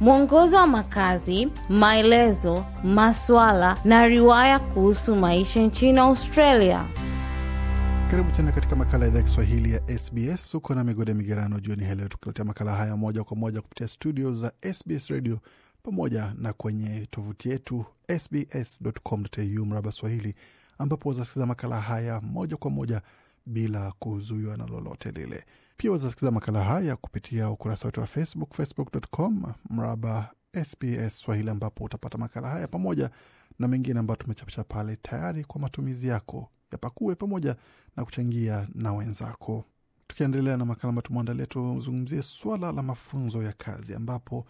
mwongozo wa makazi, maelezo, maswala na riwaya kuhusu maisha nchini Australia. Karibu tena katika makala ya idhaa Kiswahili ya SBS. Uko na migode migerano jioni hii heleo tukiletea makala haya moja kwa moja kupitia studio za SBS Radio pamoja na kwenye tovuti yetu sbscu mraba Swahili, ambapo wazasikiza makala haya moja kwa moja bila kuzuiwa na lolote lile. Pia wazasikiza makala haya kupitia ukurasa wetu wa Facebook, facebook.com mraba SBS Swahili, ambapo utapata makala haya pamoja na mengine ambayo tumechapisha pale tayari kwa matumizi yako. ya pakue pamoja na kuchangia na wenzako. Tukiendelea na makala ambayo tumeandalia, tuzungumzie swala la mafunzo ya kazi, ambapo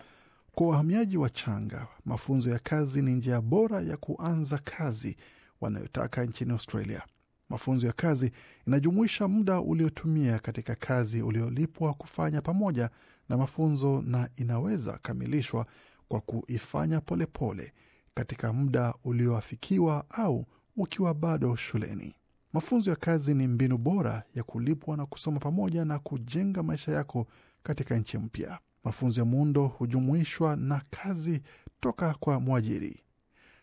kwa wahamiaji wachanga, mafunzo ya kazi ni njia bora ya kuanza kazi wanayotaka nchini Australia. Mafunzo ya kazi inajumuisha muda uliotumia katika kazi uliolipwa kufanya pamoja na mafunzo na inaweza kamilishwa kwa kuifanya polepole pole katika muda ulioafikiwa au ukiwa bado shuleni. Mafunzo ya kazi ni mbinu bora ya kulipwa na kusoma pamoja na kujenga maisha yako katika nchi mpya. Mafunzo ya muundo hujumuishwa na kazi toka kwa mwajiri.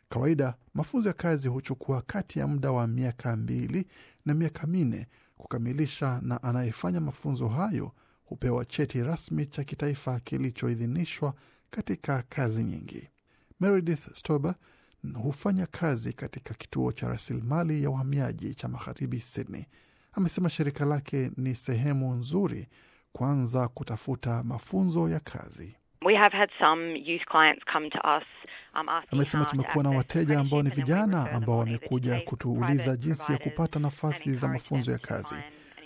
Kawaida mafunzo ya kazi huchukua kati ya muda wa miaka mbili na miaka minne kukamilisha, na anayefanya mafunzo hayo hupewa cheti rasmi cha kitaifa kilichoidhinishwa katika kazi nyingi. Meredith Stober hufanya kazi katika kituo cha rasilimali ya uhamiaji cha magharibi Sydney. Amesema shirika lake ni sehemu nzuri kuanza kutafuta mafunzo ya kazi. We have had some youth clients come to us Amesema tumekuwa na wateja ambao ni vijana ambao wamekuja kutuuliza jinsi ya kupata nafasi za mafunzo ya kazi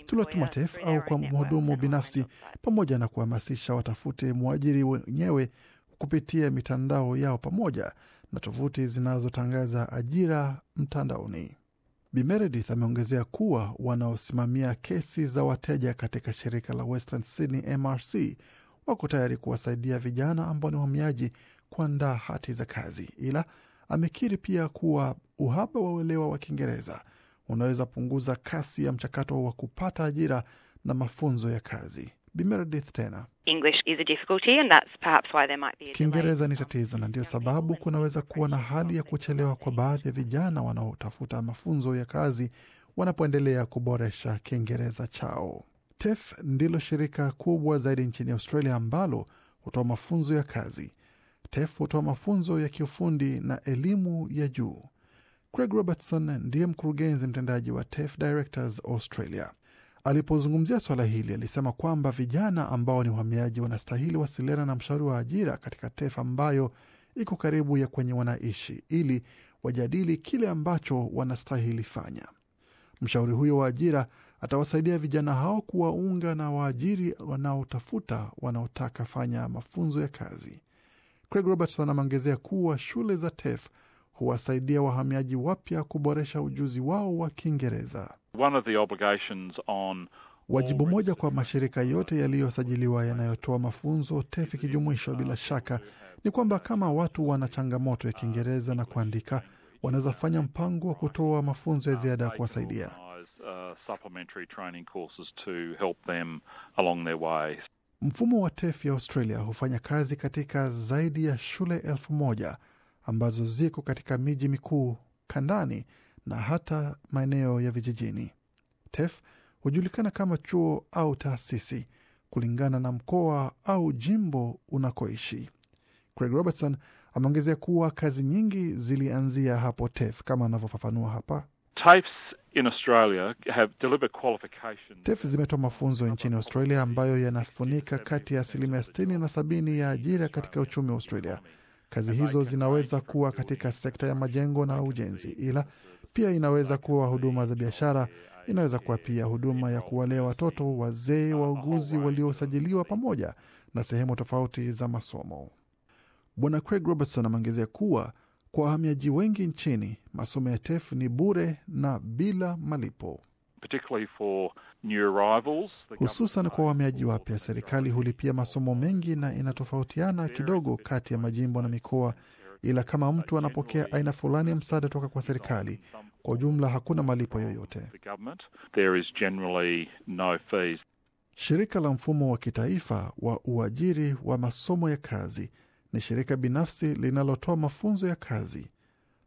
tuliwatuma TEF au kwa mhudumu binafsi, pamoja na kuhamasisha watafute mwajiri wenyewe kupitia mitandao yao pamoja na tovuti zinazotangaza ajira mtandaoni. Bi Meredith ameongezea kuwa wanaosimamia kesi za wateja katika shirika la Western Sydney MRC wako tayari kuwasaidia vijana ambao ni wahamiaji kuandaa hati za kazi, ila amekiri pia kuwa uhaba wa uelewa wa Kiingereza unaweza punguza kasi ya mchakato wa kupata ajira na mafunzo ya kazi. Bi Meredith tena, Kiingereza ni tatizo na ndiyo sababu kunaweza kuwa na hali ya kuchelewa kwa baadhi ya vijana wanaotafuta mafunzo ya kazi wanapoendelea kuboresha Kiingereza chao. tef ndilo shirika kubwa zaidi nchini Australia ambalo hutoa mafunzo ya kazi. TEF hutoa mafunzo ya kiufundi na elimu ya juu. Craig Robertson ndiye mkurugenzi mtendaji wa TEF Directors Australia. Alipozungumzia swala hili, alisema kwamba vijana ambao ni uhamiaji wanastahili wasiliana na mshauri wa ajira katika TEF ambayo iko karibu ya kwenye wanaishi ili wajadili kile ambacho wanastahili fanya. Mshauri huyo wa ajira atawasaidia vijana hao kuwaunga na waajiri wanaotafuta wanaotaka fanya mafunzo ya kazi. Craig Robertson ameongezea kuwa shule za TEF huwasaidia wahamiaji wapya kuboresha ujuzi wao wa Kiingereza. Wajibu moja kwa mashirika yote yaliyosajiliwa yanayotoa mafunzo TEF ikijumuishwa, bila shaka, ni kwamba kama watu wana changamoto ya Kiingereza na kuandika, wanaweza fanya mpango wa kutoa mafunzo ya ziada ya kuwasaidia. Uh, Mfumo wa tef ya Australia hufanya kazi katika zaidi ya shule elfu moja ambazo ziko katika miji mikuu kandani na hata maeneo ya vijijini. tef hujulikana kama chuo au taasisi kulingana na mkoa au jimbo unakoishi. Craig Robertson ameongezea kuwa kazi nyingi zilianzia hapo tef kama anavyofafanua hapa. TAFEs tefu e zimetoa mafunzo nchini Australia ambayo yanafunika kati ya asilimia 60 na 70 ya ajira katika uchumi wa Australia. Kazi hizo zinaweza kuwa katika sekta ya majengo na ujenzi, ila pia inaweza kuwa huduma za biashara, inaweza kuwa pia huduma ya kuwalea watoto, wazee, wauguzi waliosajiliwa, pamoja na sehemu tofauti za masomo. Bwana Craig Robertson ameongezea kuwa kwa wahamiaji wengi nchini, masomo ya TEF ni bure na bila malipo hususan kwa wahamiaji wapya. Serikali hulipia masomo mengi na inatofautiana kidogo kati ya majimbo na mikoa, ila kama mtu anapokea aina fulani ya msaada toka kwa serikali, kwa ujumla hakuna malipo yoyote. Shirika la mfumo wa kitaifa wa uajiri wa masomo ya kazi ni shirika binafsi linalotoa mafunzo ya kazi.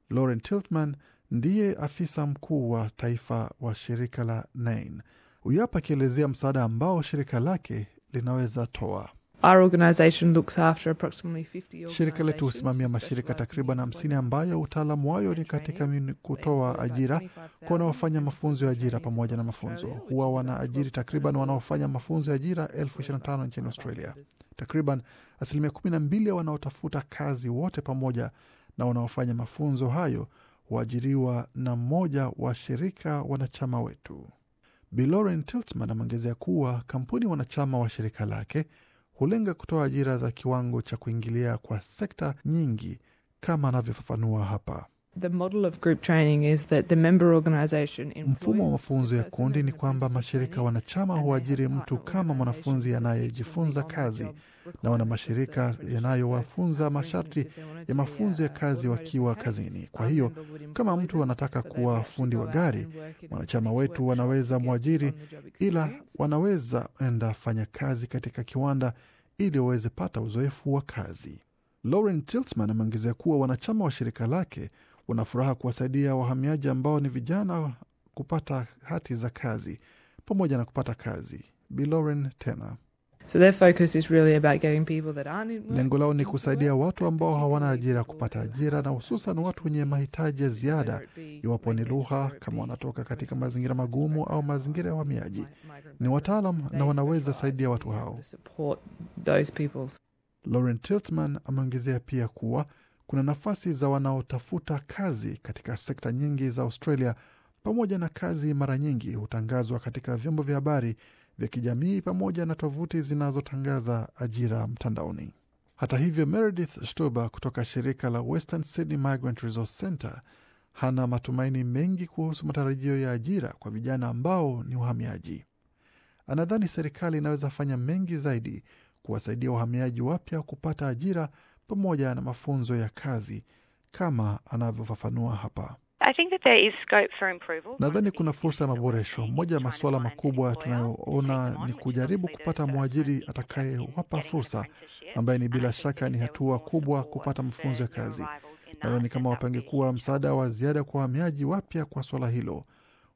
Lauren Tiltman ndiye afisa mkuu wa taifa wa shirika la Nain. Huyu hapa akielezea msaada ambao shirika lake linaweza toa. Our organization looks after approximately 50 shirika letu husimamia mashirika takriban 50 ambayo utaalamu wayo ni katika kutoa ajira kwa wanaofanya mafunzo ya ajira pamoja na mafunzo. Huwa wanaajiri takriban wanaofanya mafunzo ya ajira 25 nchini Australia. Takriban asilimia 12 ya wanaotafuta kazi wote pamoja na wanaofanya mafunzo hayo huajiriwa na mmoja wa shirika wanachama wetu. Biloren Tiltman ameongezea kuwa kampuni wanachama wa shirika lake hulenga kutoa ajira za kiwango cha kuingilia kwa sekta nyingi kama anavyofafanua hapa. Mfumo wa mafunzo ya kundi ni kwamba mashirika wanachama huajiri mtu kama mwanafunzi anayejifunza kazi, na wana mashirika yanayowafunza masharti ya mafunzo ya kazi wakiwa kazini. Kwa hiyo kama mtu anataka kuwa fundi wa gari, wanachama wetu wanaweza mwajiri, ila wanaweza enda fanya kazi katika kiwanda ili waweze pata uzoefu wa kazi. Lauren Tiltman ameongezea kuwa wanachama wa shirika lake wana furaha kuwasaidia wahamiaji ambao ni vijana kupata hati za kazi pamoja na kupata kazi. Bi tena So their focus is really about getting people that aren't Lengo lao ni kusaidia watu ambao hawana ajira kupata ajira na hususan watu wenye mahitaji ya ziada, iwapo ni lugha, kama wanatoka katika mazingira magumu au mazingira ya uhamiaji. Ni wataalam na wanaweza saidia watu hao. Lauren Tiltman ameongezea pia kuwa kuna nafasi za wanaotafuta kazi katika sekta nyingi za Australia, pamoja na kazi mara nyingi hutangazwa katika vyombo vya habari vya kijamii pamoja na tovuti zinazotangaza ajira mtandaoni. Hata hivyo, Meredith Stuber kutoka shirika la Western Sydney Migrant Resource hana matumaini mengi kuhusu matarajio ya ajira kwa vijana ambao ni wahamiaji. Anadhani serikali inaweza fanya mengi zaidi kuwasaidia wahamiaji wapya kupata ajira pamoja na mafunzo ya kazi kama anavyofafanua hapa. Nadhani kuna fursa ya maboresho. Moja ya masuala makubwa tunayoona ni kujaribu kupata mwajiri atakayewapa fursa, ambaye ni bila shaka ni hatua kubwa kupata mafunzo ya kazi. Nadhani kama wapangekuwa msaada wa ziada kwa wahamiaji wapya kwa swala hilo,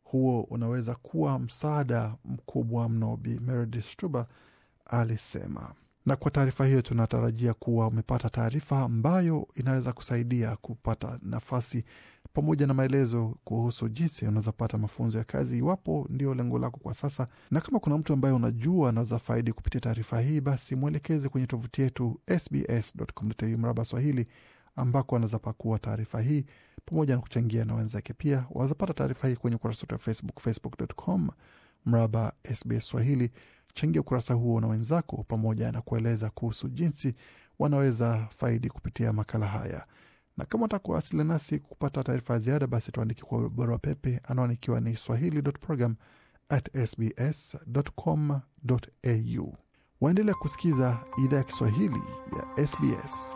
huo unaweza kuwa msaada mkubwa mno, Bi Meredith Stuba alisema. Na kwa taarifa hiyo, tunatarajia kuwa umepata taarifa ambayo inaweza kusaidia kupata nafasi pamoja na maelezo kuhusu jinsi unawezapata mafunzo ya kazi iwapo ndio lengo lako kwa sasa. Na kama kuna mtu ambaye unajua anaweza faidi kupitia taarifa hii, basi mwelekeze kwenye tovuti yetu sbscu mraba Swahili ambako anaweza pakua taarifa hii pamoja na kuchangia na wenzake. Pia wanawezapata taarifa hii kwenye ukurasa wetu wa Facebook, facebook.com mraba SBS Swahili Changia ukurasa huo na wenzako, pamoja na kueleza kuhusu jinsi wanaweza faidi kupitia makala haya. Na kama utakuwasili nasi kupata taarifa ya ziada, basi tuandiki kwa barua pepe, anwani ikiwa ni swahili.program@sbs.com.au. Waendelea kusikiza idhaa ya Kiswahili ya SBS.